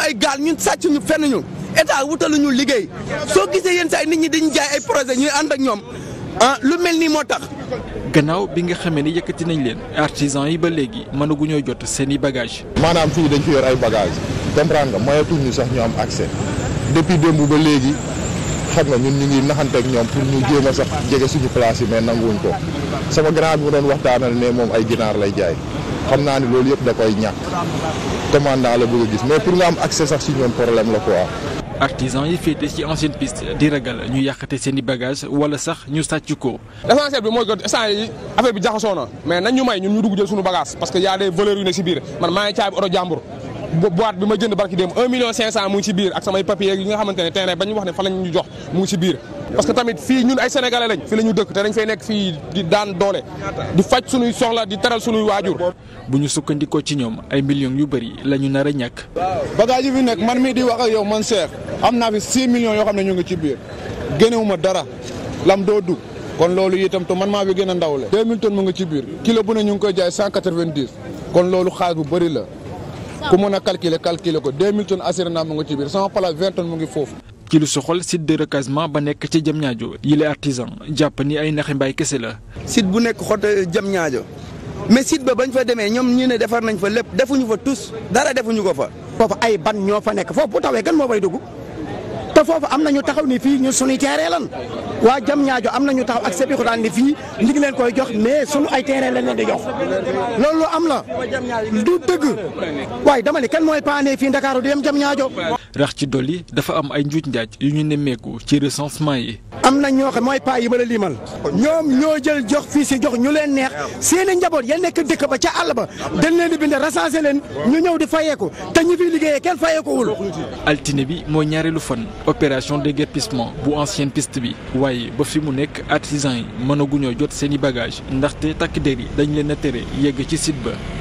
ay gaal ñun sàcc ñu fenn ñu état wutalu ñu liggéey soo gisee yenn saa nit ñi dañu jaay ay projet ñuy ànd ak ñoom ah lu mel nii moo tax. gannaaw bi nga xamee ni yëkkati nañ leen artisan yi ba léegi mënaguñoo jot seen i bagage maanaam fii dañ fi yor ay bagage comprendre nga moyatuñu sax ñu am accès depuis démb ba léegi. xam nga ñun ñu ngi naxanteeg ñoom pour ñu jéem a sax jege suñu place yi mais nanguwuñ ko sama grand bi mu doon waxtaanal ne moom ay ginaar lay jaay xam naa ne loolu yëpp da koy ñàkk commandant la bëgg a gis mais pour nga am accès sax si ñoom problème la quoi. artisan yi féete ci ancienne piste di ragal ñu yàqate seen i bagage wala sax ñu sàcc ko. l'essentiel bi mooy que instant yi affaire bi jaxasoo mais nañ ñu may ñu dugg jël suñu bagage parce que a des voleurs yu ne si biir man maa boîte bi ma jënd barki dem 1 million 500 mu ngi ci biir ak samay papier yi nga xamante ne terrain ba wax ne fa lañ jox mu ngi ci biir parce que tamit fii ñun ay sénégalais lañ fi la ñu dëkk te dañ fay nekk fii di daan doole di faj suñuy soxla di teral suñuy waajur bu ñu sukkandikoo ci ñoom ay millions yu bëri la ñu nar a ñàkk bagage yi fi nekk man mii di wax ak yow man seer am naa fi 6 millions yoo xam ne ñu ngi ci biir génnewuma dara lam doo dugg kon loolu itam te man maa fi gën a ndawle 2000 tonnes mu ngi ci biir kilo bu ne ñu ngi koy jaay 190 kon loolu xaalis bu bëri la ku mën a calculer calculer ko 2000 tonnes assuré naa mu ngi ci biir sama place 20 tonnes mu ngi foofu. ci lu soxal site de recasement ba nekk ci Diamniadio yi la artisan jàpp ni ay naxi mbaay kese la. site bu nekk xot ñaajo mais site ba bañ fa demee ñoom ñu ne defar nañ fa lépp defuñu fa tous dara defuñu ko fa. foofu ay ban ñoo fa nekk foofu bu tawee gan moo fay dugg. te foofu am na ñu taxaw ni fii ñun suñuy terrain lan waa jam ñaajo am na ñu taxaw ak sebiku daan ni fii ñu ngi leen koy jox mais suñu ay terrain lañ leen di jox loolu am la du dëgg waaye dama ne kenn mooy paane fii Ndakaaru di dem jam ñaajo rax ci dolli dafa am ay njuuj njaaj yu ñu nemmeeku ci recensement yi. am na ñoo xam mooy paa yi ma la limal ñoom ñoo jël jox fii si jox ñu leen neex seeni njaboot ya nekk dëkk ba ca àll ba dañ leen di bind recensé leen ñu ñëw di fayeeku te ñi fiy liggéeyee kenn fayeekuwul. altine bi mooy ñaareelu fan opération déguerpissement bu ancienne piste bi waaye ba fi mu nekk artisan yi mënaguñoo jot seeni i ndaxte takk der yi dañ leen a tere yegg ci site ba.